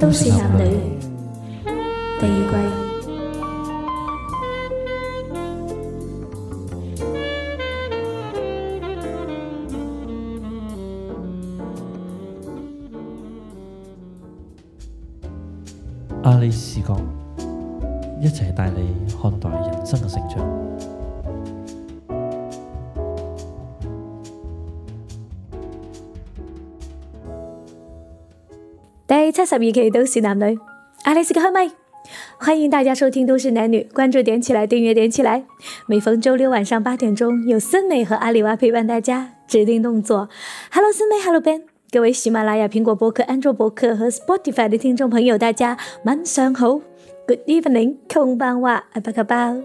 都市男女第二季， 阿里視角一齊帶你看待人生嘅成長。七十二期都市男女，阿里斯嘅開咪，歡迎大家收聽《都市男女》，關注點起來，訂閱點起來。每逢周六晚上八點鐘，有森美和阿里娃陪伴大家，指定動作。Hello，森美，Hello Ben，各位喜馬拉雅、蘋果播客、安卓播客和 Spotify 的聽眾朋友，大家晚上好，Good evening，Konbanwa，Apa kabar，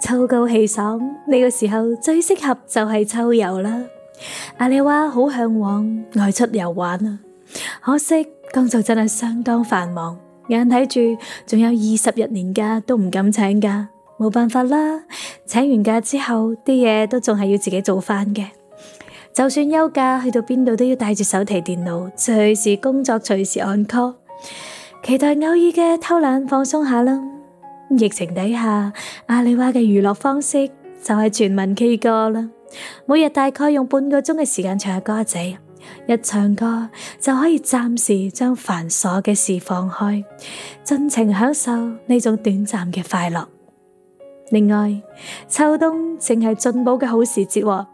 秋高氣爽呢，那個時候最適合就係秋遊啦。阿里娃好向往外出遊玩啊，可惜。工作真係相當繁忙，眼睇住仲有二十日年假都唔敢請假，冇辦法啦！請完假之後啲嘢都仲係要自己做翻嘅，就算休假去到邊度都要帶住手提電腦，隨時工作，隨時按 call。期待偶爾嘅偷懶放鬆下啦。疫情底下，阿里娃嘅娛樂方式就係全民 K 歌啦，每日大概用半個鐘嘅時間唱下歌仔。一唱歌就可以暫時將繁瑣嘅事放開，盡情享受呢種短暫嘅快樂。另外，秋冬正係進補嘅好時節，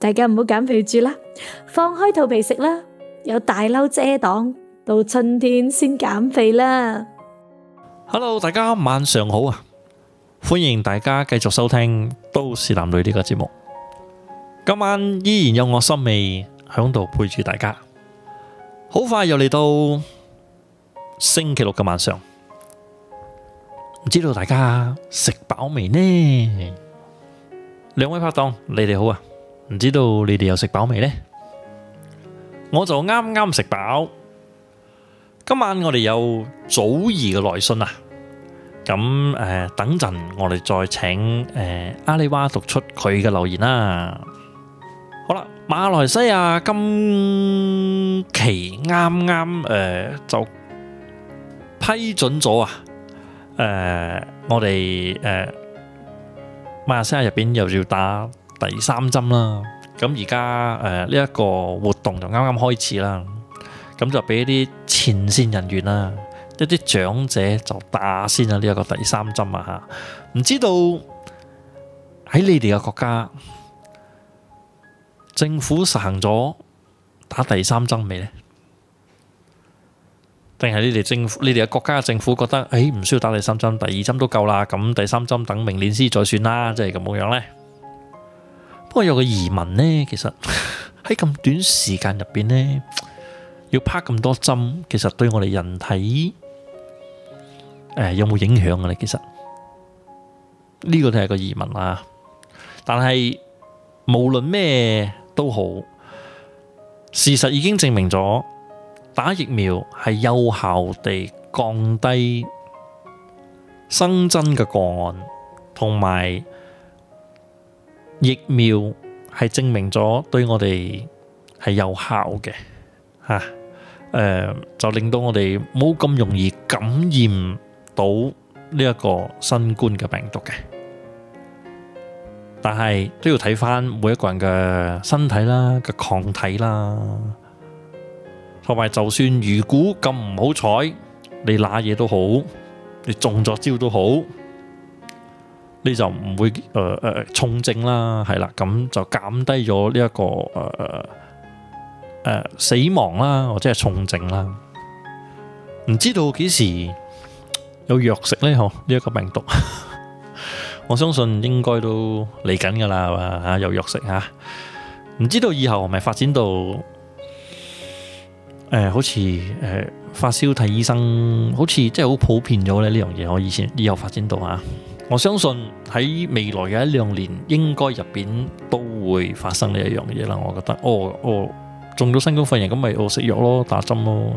大家唔好減肥住啦，放開肚皮食啦，有大褸遮擋，到春天先減肥啦。Hello，大家晚上好啊，歡迎大家繼續收聽《都市男女》呢個節目，今晚依然有我心味。響度陪住大家，好快又嚟到星期六嘅晚上，唔知道大家食飽未呢？兩位拍檔，你哋好啊？唔知道你哋又食飽未呢？我就啱啱食飽，今晚我哋有祖兒嘅來信啊！咁誒，等陣我哋再請誒阿里娃讀出佢嘅留言啦。馬來西亞今期啱啱誒就批准咗啊！誒、呃，我哋誒、呃、馬來西亞入邊又要打第三針啦。咁而家誒呢一個活動就啱啱開始啦。咁就俾啲前線人員啦，一啲長者就打先啦。呢一個第三針啊，唔知道喺你哋嘅國家政府行咗打第三針未咧？定係你哋政府、你哋嘅國家嘅政府覺得，誒唔需要打第三針，第二針都夠啦。咁第三針等明年先再算啦，即係咁樣咧。不過有個疑問咧，其實喺咁短時間入邊咧，要打咁多針，其實對我哋人體誒有冇影響嘅咧？其實呢個都係個疑問啦。但係無論咩都好，事實已經證明咗打疫苗係有效地降低新增嘅個案，同埋疫苗係證明咗對我哋係有效嘅，吓、啊呃，就令到我哋冇咁容易感染到呢一個新冠嘅病毒嘅。但係都要睇翻每一個人嘅身體啦，嘅抗體啦，同埋就算如果咁唔好彩，你瀨嘢都好，你中咗招都好，你就唔會誒誒重症啦，係啦，咁就減低咗呢一個誒誒誒死亡啦，或者係重症啦，唔知道幾時有藥食咧，嗬呢一個病毒。我相信應該都嚟緊噶啦，吓、啊、有藥食吓，唔、啊、知道以後係咪發展到誒、呃，好似誒、呃、發燒睇醫生，好似即係好普遍咗咧呢樣嘢。我以前以後發展到啊，我相信喺未來嘅一兩年，應該入邊都會發生呢一樣嘢啦。我覺得，哦哦，中咗新冠肺炎咁咪我食藥咯，打針咯，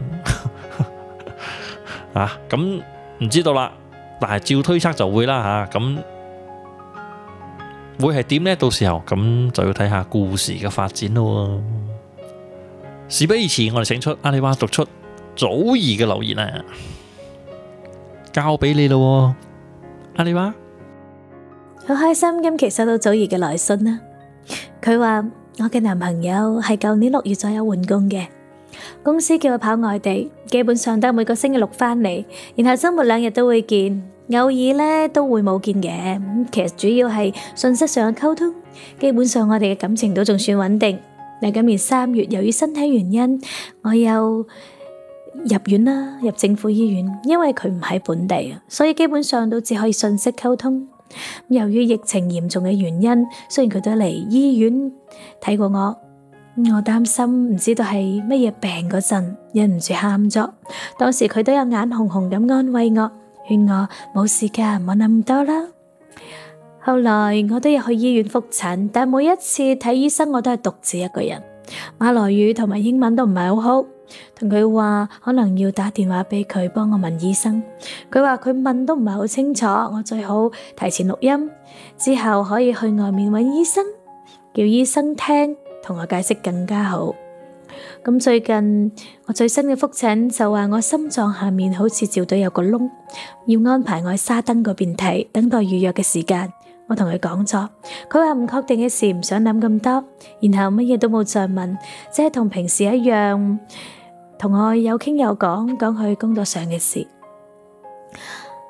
啊咁唔、嗯、知道啦，但係照推測就會啦吓，咁、啊。嗯會係點呢？到時候咁就要睇下故事嘅發展咯。事不宜遲，我哋請出阿里娃讀出祖兒嘅留言啊，交俾你咯，阿里娃。好開心今期收到祖兒嘅來信啊。佢話我嘅男朋友係舊年六月左右換工嘅，公司叫佢跑外地，基本上都每個星期六翻嚟，然後周末兩日都會見。偶爾咧都會冇見嘅，其實主要係信息上嘅溝通。基本上我哋嘅感情都仲算穩定。但今年三月，由於身體原因，我又入院啦，入政府醫院，因為佢唔喺本地，所以基本上都只可以信息溝通。由於疫情嚴重嘅原因，雖然佢都嚟醫院睇過我，我擔心唔知道係乜嘢病嗰陣，忍唔住喊咗。當時佢都有眼紅紅咁安慰我。勸我冇事噶冇諗咁多啦。後來我都要去醫院復診，但每一次睇醫生我都係獨自一個人。馬來語同埋英文都唔係好好，同佢話可能要打電話俾佢幫我問醫生。佢話佢問都唔係好清楚，我最好提前錄音，之後可以去外面揾醫生，叫醫生聽，同我解釋更加好。咁最近我最新嘅復診就話，我心臟下面好似照到有個窿，要安排我喺沙登嗰邊睇，等待預約嘅時間。我同佢講咗，佢話唔確定嘅事唔想諗咁多，然後乜嘢都冇再問，即係同平時一樣同我有傾有講，講佢工作上嘅事。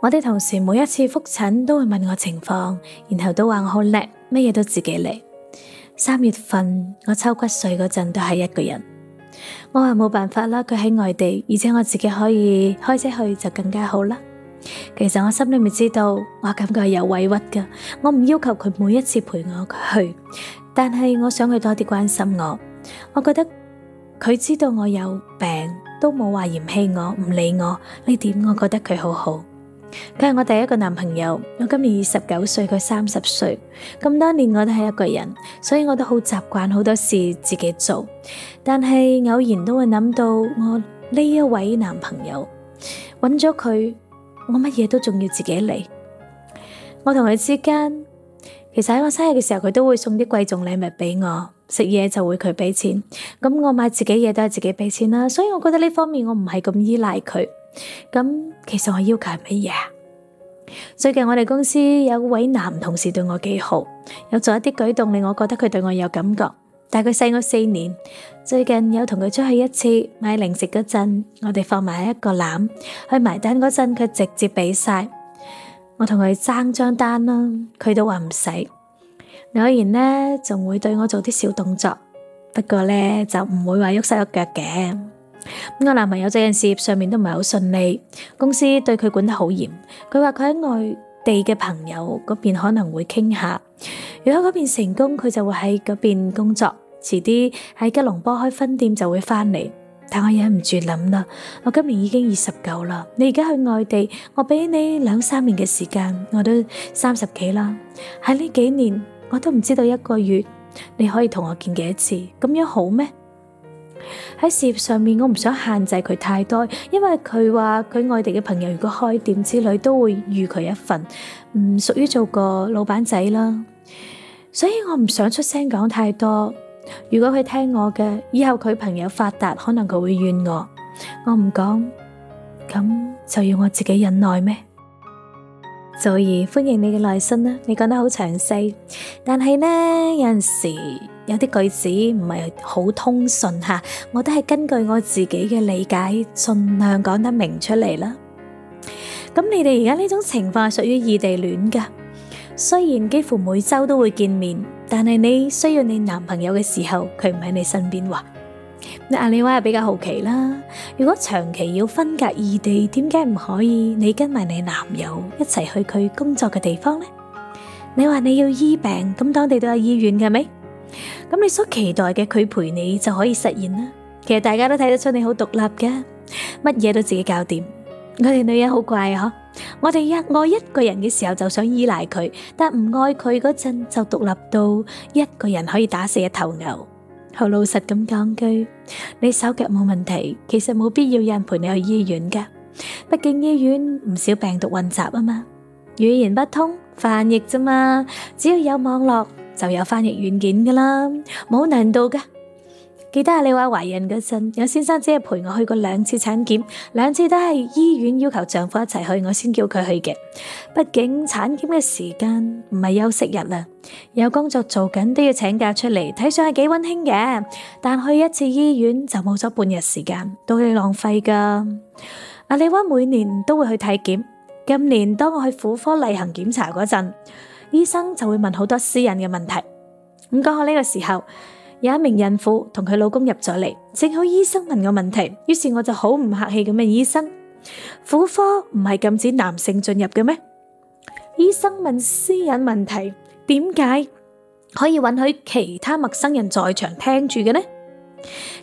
我哋同事每一次復診都會問我情況，然後都話我好叻，乜嘢都自己嚟。三月份我抽骨髓嗰陣都係一個人。我話冇辦法啦，佢喺外地，而且我自己可以開車去就更加好啦。其實我心裏面知道，我感覺係有委屈噶，我唔要求佢每一次陪我去，但係我想佢多啲關心我。我覺得佢知道我有病，都冇話嫌棄我、唔理我呢點，我覺得佢好好。佢係我第一個男朋友，我今年二十九歲，佢三十歲。咁多年我都係一個人，所以我都好習慣好多事自己做。但係偶然都會諗到我呢一位男朋友，揾咗佢，我乜嘢都仲要自己嚟。我同佢之間，其實喺我生日嘅時候，佢都會送啲貴重禮物俾我。食嘢就會佢俾錢，咁我買自己嘢都係自己俾錢啦。所以我覺得呢方面我唔係咁依賴佢。咁其實我要求係乜嘢？最近我哋公司有位男同事對我幾好，有做一啲舉動令我覺得佢對我有感覺。但佢細我四年，最近有同佢出去一次買零食嗰陣，我哋放埋一個籃去埋單嗰陣，佢直接俾晒。我同佢爭張單啦，佢都話唔使。偶然呢，仲會對我做啲小動作，不過呢，就唔會話喐手喐腳嘅。我男朋友最近事業上面都唔係好順利，公司對佢管得好嚴。佢話佢喺外地嘅朋友嗰邊可能會傾下，如果嗰邊成功，佢就會喺嗰邊工作，遲啲喺吉隆坡開分店就會翻嚟。但我忍唔住諗啦，我今年已經二十九啦，你而家去外地，我俾你兩三年嘅時間，我都三十幾啦。喺呢幾年，我都唔知道一個月你可以同我見幾多次，咁樣好咩？喺事業上面，我唔想限制佢太多，因為佢話佢外地嘅朋友如果開店之類都會預佢一份，唔屬於做個老闆仔啦。所以我唔想出聲講太多。如果佢聽我嘅，以後佢朋友發達，可能佢會怨我。我唔講，咁就要我自己忍耐咩？祖兒，歡迎你嘅耐心啦，你講得好詳細，但係呢，有陣時。有啲句子唔係好通順嚇，我都係根據我自己嘅理解，盡量講得明出嚟啦。咁你哋而家呢種情況係屬於異地戀噶，雖然幾乎每週都會見面，但係你需要你男朋友嘅時候，佢唔喺你身邊喎。阿李威比較好奇啦，如果長期要分隔異地，點解唔可以你跟埋你男友一齊去佢工作嘅地方呢？你話你要醫病，咁當地都有醫院嘅，係咪？咁你所期待嘅佢陪你就可以實現啦。其實大家都睇得出你好獨立嘅，乜嘢都自己搞掂。我哋女人好怪啊，我哋一愛一個人嘅時候就想依賴佢，但唔愛佢嗰陣就獨立到一個人可以打死一頭牛。好老實咁講句，你手腳冇問題，其實冇必要有人陪你去醫院噶。畢竟醫院唔少病毒混雜啊嘛。語言不通，翻譯啫嘛，只要有網絡。就有翻譯軟件噶啦，冇難度嘅。記得阿李話懷孕嗰陣，有先生只係陪我去過兩次產檢，兩次都係醫院要求丈夫一齊去，我先叫佢去嘅。畢竟產檢嘅時間唔係休息日啊，有工作做緊都要請假出嚟，睇上係幾溫馨嘅。但去一次醫院就冇咗半日時間，都係浪費噶。阿李話每年都會去體檢，今年當我去婦科例行檢查嗰陣。醫生就會問好多私隱嘅問題。咁講到呢個時候，有一名孕婦同佢老公入咗嚟，正好醫生問我問題，於是我就好唔客氣咁問醫生：婦科唔係禁止男性進入嘅咩？醫生問私隱問題，點解可以允許其他陌生人在場聽住嘅呢？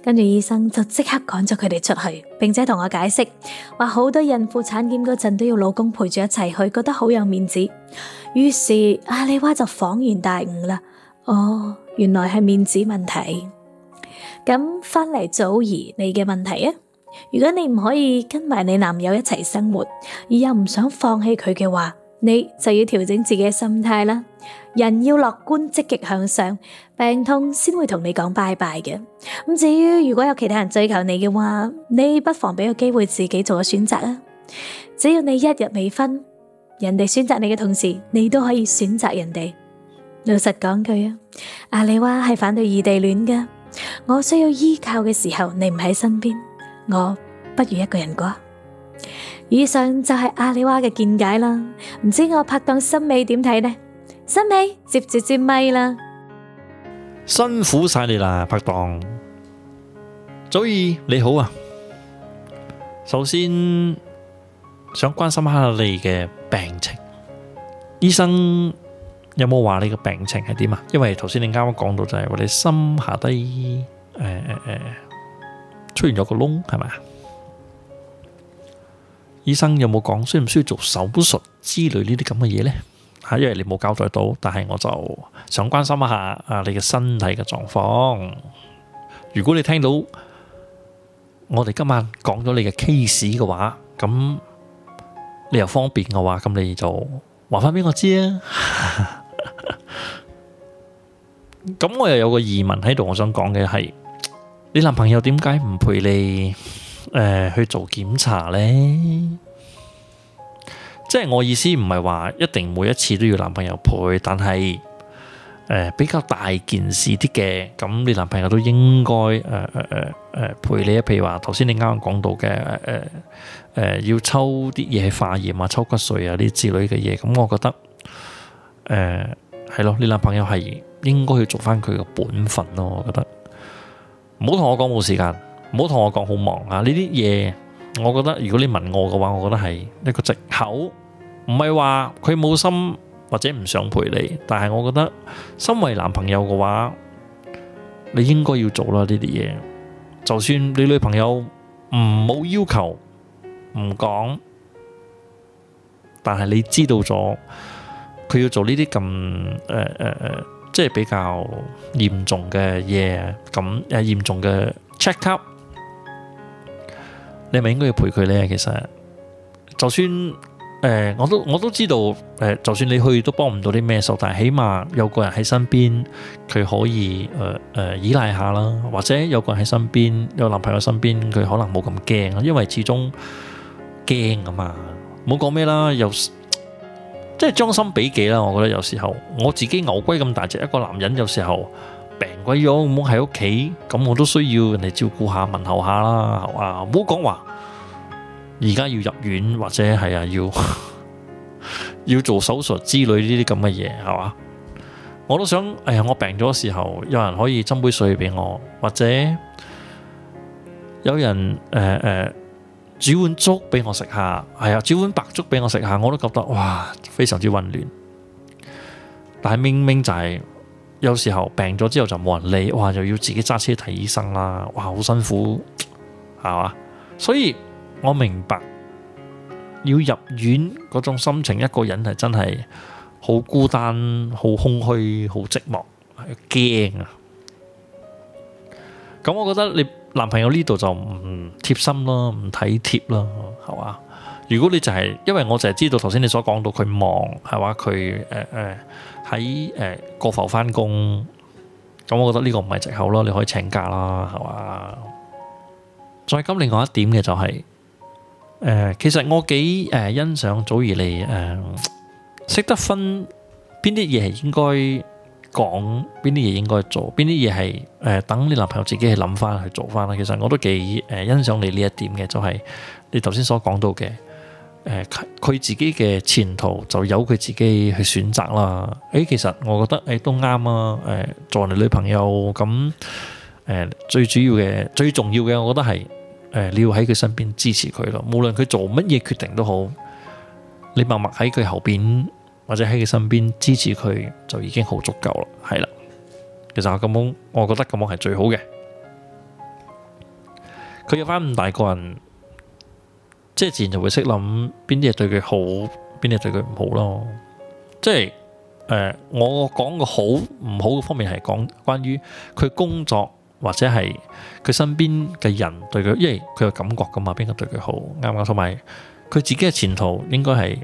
跟住醫生就即刻趕咗佢哋出去，並且同我解釋話好多孕婦產檢嗰陣都要老公陪住一齊去，覺得好有面子。於是阿里娃就恍然大悟啦。哦，原來係面子問題。咁翻嚟祖兒，你嘅問題啊？如果你唔可以跟埋你男友一齊生活，而又唔想放棄佢嘅話，你就要調整自己嘅心態啦。人要樂觀積極向上，病痛先會同你講拜拜嘅。咁至於如果有其他人追求你嘅話，你不妨俾個機會自己做個選擇啦。只要你一日未婚，人哋選擇你嘅同時，你都可以選擇人哋。老實講句啊，阿里娃係反對異地戀噶。我需要依靠嘅時候，你唔喺身邊，我不如一個人過。以上就係阿里娃嘅見解啦。唔知我拍檔心美點睇呢？收咪，接接接咪啦！辛苦晒你啦，拍檔。祖兒你好啊，首先想關心下你嘅病情。醫生有冇話你嘅病情係點啊？因為頭先你啱啱講到就係、是、話你心下低誒誒誒，出現咗個窿係咪？醫生有冇講需唔需要做手術之類呢啲咁嘅嘢咧？因為你冇交代到，但係我就想關心一下啊，你嘅身體嘅狀況。如果你聽到我哋今晚講咗你嘅 case 嘅話，咁你又方便嘅話，咁你就話翻俾我知啊。咁 我又有個疑問喺度，我想講嘅係，你男朋友點解唔陪你誒、呃、去做檢查咧？即係我意思，唔係話一定每一次都要男朋友陪，但係、呃、比較大件事啲嘅，咁你男朋友都應該、呃呃呃、陪你，譬如話頭先你啱啱講到嘅、呃呃、要抽啲嘢化驗啊、抽骨髓啊呢啲之類嘅嘢，咁我覺得誒係咯，你男朋友係應該要做翻佢個本分咯，我覺得，唔好同我講冇時間，唔好同我講好忙啊，呢啲嘢。我覺得如果你問我嘅話，我覺得係一個借口，唔係話佢冇心或者唔想陪你，但係我覺得身為男朋友嘅話，你應該要做啦呢啲嘢。就算你女朋友唔冇要求，唔講，但係你知道咗，佢要做呢啲咁誒誒誒，即係比較嚴重嘅嘢，咁誒嚴重嘅 check up。你咪應該要陪佢呢？其實就算誒、呃，我都我都知道誒、呃，就算你去都幫唔到啲咩手，但係起碼有個人喺身邊，佢可以誒誒、呃呃、依賴下啦，或者有個人喺身邊，有男朋友身邊，佢可能冇咁驚，因為始終驚㗎嘛，冇講咩啦，又即係將心比己啦，我覺得有時候我自己牛龜咁大隻，一個男人有時候。病鬼咗，唔好喺屋企，咁我都需要人哋照顧下、問候下啦，係啊，唔好講話，而家要入院或者係啊，要 要做手術之類呢啲咁嘅嘢，係嘛？我都想，哎呀，我病咗嘅時候，有人可以斟杯水俾我，或者有人誒誒、呃呃、煮碗粥俾我食下，係、哎、啊，煮碗白粥俾我食下，我都覺得哇，非常之溫暖。但係明明就係、是。有時候病咗之後就冇人理，哇！又要自己揸車睇醫生啦，哇！好辛苦係嘛？所以我明白要入院嗰種心情，一個人係真係好孤單、好空虛、好寂寞，又驚啊！咁我覺得你男朋友呢度就唔貼心咯，唔體貼咯，係嘛？如果你就係、是，因為我淨係知道頭先你所講到佢忙係嘛，佢誒誒喺誒過埠翻工，咁我覺得呢個唔係借口咯，你可以請假啦，係嘛？再咁另外一點嘅就係、是、誒、呃，其實我幾誒、呃、欣賞祖兒你誒識得分邊啲嘢係應該講，邊啲嘢應該做，邊啲嘢係誒等你男朋友自己去諗翻去做翻啦。其實我都幾誒、呃、欣賞你呢一點嘅，就係、是、你頭先所講到嘅。誒，佢、呃、自己嘅前途就由佢自己去選擇啦。誒、欸，其實我覺得誒、欸、都啱啊。誒、呃，做人哋女朋友咁，誒、呃、最主要嘅、最重要嘅，我覺得係誒、呃、你要喺佢身邊支持佢咯。無論佢做乜嘢決定都好，你默默喺佢後邊或者喺佢身邊支持佢就已經好足夠啦。係啦，其實我咁，我覺得咁樣係最好嘅。佢有翻咁大個人。即係自然就會識諗邊啲嘢對佢好，邊啲係對佢唔好咯。即係誒、呃，我講個好唔好嘅方面係講關於佢工作或者係佢身邊嘅人對佢，因為佢有感覺噶嘛，邊個對佢好啱唔啱，同埋佢自己嘅前途應該係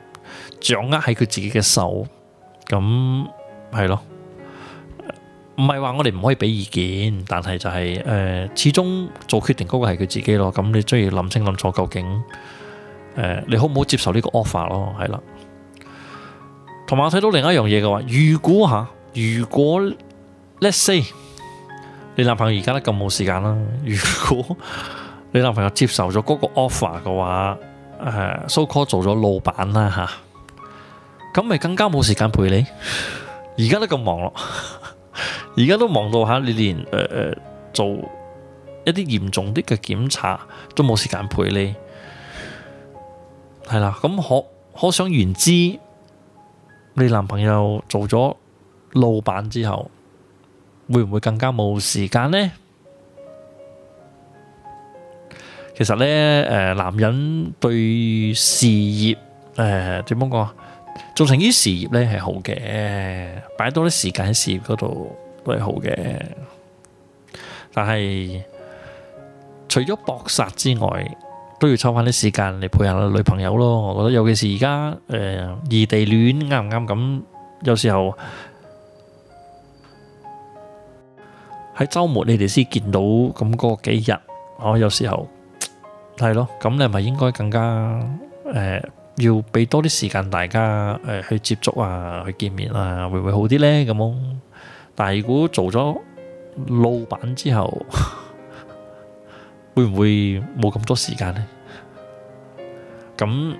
掌握喺佢自己嘅手，咁係咯。唔係話我哋唔可以俾意見，但係就係、是、誒、呃，始終做決定嗰個係佢自己咯。咁你都要諗清諗楚，究竟。誒、呃，你好唔好接受呢個 offer 咯？係啦，同埋我睇到另一樣嘢嘅話，如果吓、啊，如果，、啊、如果 let’s say 你男朋友而家都咁冇時間啦，如果你男朋友接受咗嗰個 offer 嘅話，誒、啊、，so call 做咗老闆啦吓，咁、啊、咪更加冇時間陪你，而家都咁忙咯，而 家都忙到吓、啊，你連誒、呃、做一啲嚴重啲嘅檢查都冇時間陪你。係啦，咁可想而知，你男朋友做咗老闆之後，會唔會更加冇時間呢？其實咧，誒、呃，男人對事業，誒、呃，點講？做成啲事業咧係好嘅，擺多啲時間喺事業嗰度都係好嘅。但係，除咗搏殺之外，都要抽翻啲時間嚟陪下女朋友咯，我覺得尤其是而家誒異地戀啱唔啱咁？有時候喺周末你哋先見到咁嗰幾日，我有時候係咯，咁你係咪應該更加誒要俾多啲時間大家誒去接觸啊，去見面啊，會唔會好啲咧咁？但係如果做咗老闆之後，會唔會冇咁多時間咧？咁呢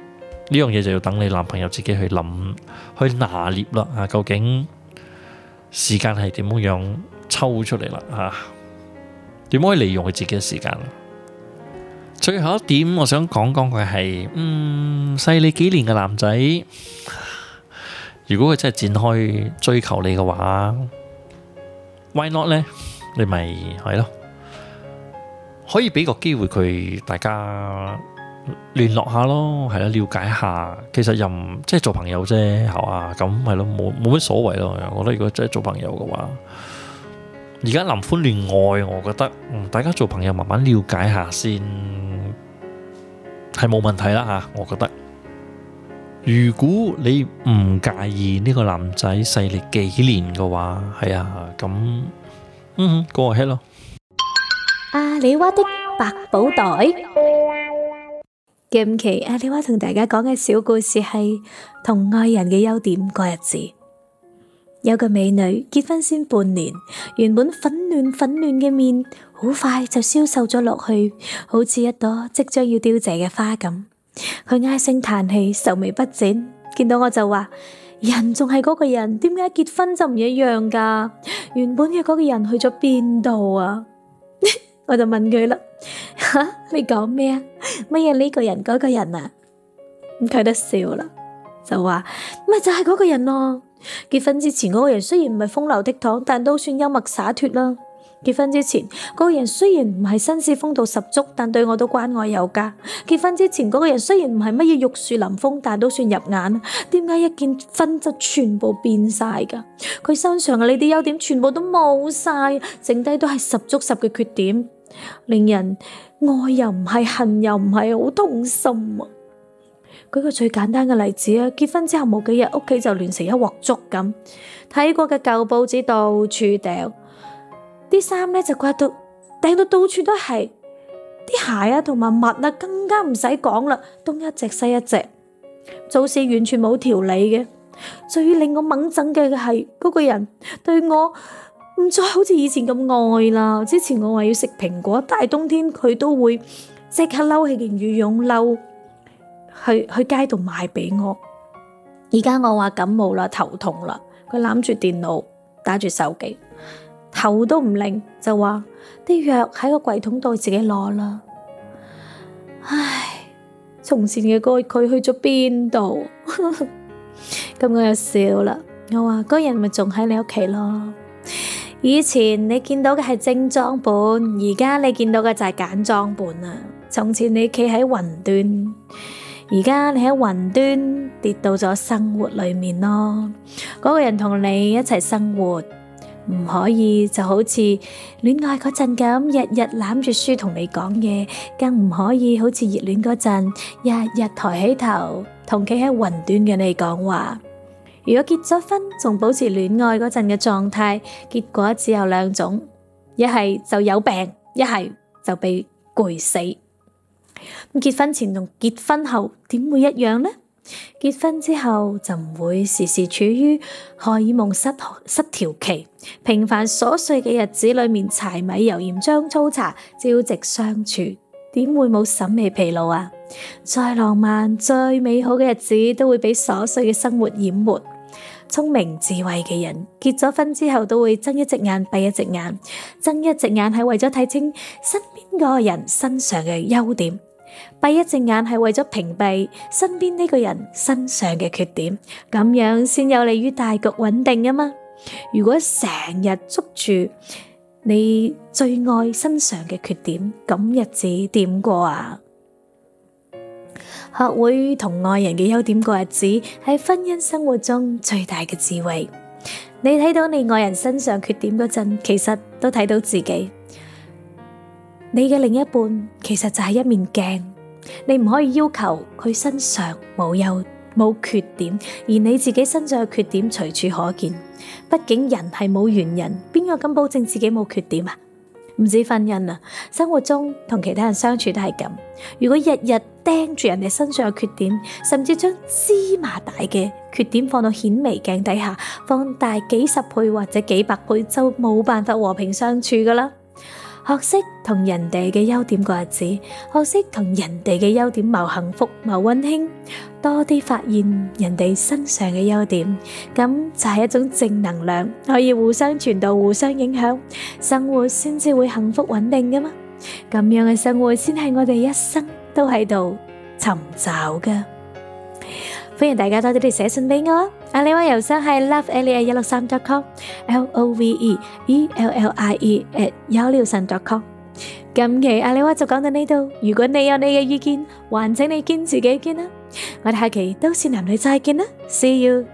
樣嘢就要等你男朋友自己去諗，去拿捏啦。啊，究竟時間係點樣樣抽出嚟啦？啊，點可以利用佢自己嘅時間？最後一點，我想講講佢係，嗯，細你幾年嘅男仔，如果佢真係展開追求你嘅話，Why not 咧？你咪係咯。可以俾個機會佢，大家聯絡下咯，係啦，了解下，其實又唔即係做朋友啫，係嘛？咁係咯，冇冇乜所謂咯。我覺得如果真係做朋友嘅話，而家林歡戀愛，我覺得大家做朋友慢慢了解下先，係冇問題啦嚇。我覺得如果你唔介意呢個男仔細你幾年嘅話，係啊，咁嗯哼過 h e a 咯。阿麗娃的百寶袋今期阿麗娃同大家講嘅小故事係同愛人嘅優點過日子。有個美女結婚先半年，原本粉嫩粉嫩嘅面，好快就消瘦咗落去，好似一朵即將要凋謝嘅花咁。佢唉聲嘆氣，愁眉不展，見到我就話：人仲係嗰個人，點解結婚就唔一樣㗎？原本嘅嗰個人去咗邊度啊？我就問佢啦，吓，你講咩啊？乜嘢呢個人嗰個人啊？咁佢都笑啦，就話咪就係嗰個人咯。結婚之前嗰個人雖然唔係風流倜儻，但都算幽默灑脫啦。結婚之前嗰個人雖然唔係紳士風度十足，但對我都關愛有加。結婚之前嗰個人雖然唔係乜嘢玉樹臨風，但都算入眼。點解一結婚就全部變晒噶？佢身上嘅呢啲優點全部都冇晒，剩低都係十足十嘅缺點。令人愛又唔係，恨又唔係，好痛心啊！舉個最簡單嘅例子啊，結婚之後冇幾日，屋企就亂成一鑊粥咁，睇過嘅舊報紙到處掉，啲衫呢，就刮到掟到到處都係，啲鞋啊同埋襪啊更加唔使講啦，東一隻西一隻，做事完全冇條理嘅。最令我猛憎嘅係嗰個人對我。唔再好似以前咁愛啦。之前我話要食蘋果，大冬天佢都會即刻嬲起件羽絨褸去去街度買俾我。而家我話感冒啦，頭痛啦，佢攬住電腦，打住手機，頭都唔擰，就話啲藥喺個櫃桶度自己攞啦。唉，從前嘅個佢去咗邊度？咁我又笑啦。我話嗰人咪仲喺你屋企咯。以前你見到嘅係精裝本，而家你見到嘅就係簡裝本啊。從前你企喺雲端，而家你喺雲端跌到咗生活裏面咯。嗰個人同你一齊生活，唔可以就好似戀愛嗰陣咁，日日攬住書同你講嘢，更唔可以好似熱戀嗰陣，日日抬起頭同企喺雲端嘅你講話。如果結咗婚仲保持戀愛嗰陣嘅狀態，結果只有兩種：一係就有病，一係就被攰死。咁結婚前同結婚後點會一樣呢？結婚之後就唔會時時處於荷爾蒙失失調期。平凡瑣碎嘅日子裏面，柴米油鹽醬醋茶朝夕相處，點會冇審美疲勞啊？再浪漫、最美好嘅日子都會俾瑣碎嘅生活淹沒。聰明智慧嘅人結咗婚之後都會睜一隻眼閉一隻眼，睜一隻眼係為咗睇清身邊個人身上嘅優點，閉一隻眼係為咗屏蔽身邊呢個人身上嘅缺點，咁樣先有利於大局穩定啊嘛。如果成日捉住你最愛身上嘅缺點，咁日子點過啊？學會同愛人嘅優點過日子，係婚姻生活中最大嘅智慧。你睇到你愛人身上缺點嗰陣，其實都睇到自己。你嘅另一半其實就係一面鏡，你唔可以要求佢身上冇優冇缺點，而你自己身上嘅缺點隨處可見。畢竟人係冇完人，邊個敢保證自己冇缺點啊？唔止婚姻啊，生活中同其他人相處都係咁。如果日日盯住人哋身上嘅缺點，甚至將芝麻大嘅缺點放到顯微鏡底下，放大幾十倍或者幾百倍，就冇辦法和平相處㗎喇。學識同人哋嘅優點過日子，學識同人哋嘅優點謀幸福、謀溫馨，多啲發現人哋身上嘅優點，咁就係一種正能量，可以互相傳導、互相影響，生活先至會幸福穩定噶嘛。咁樣嘅生活先係我哋一生都喺度尋找嘅。歡迎大家多啲啲寫信俾我。阿哇郵箱係 LoveEllie@163.com，LOVEELLIE@163.com。今期阿里哇就講到呢度，如果你有你嘅意見，還請你堅持己見吖。我哋下期都市男女再見吖！See you。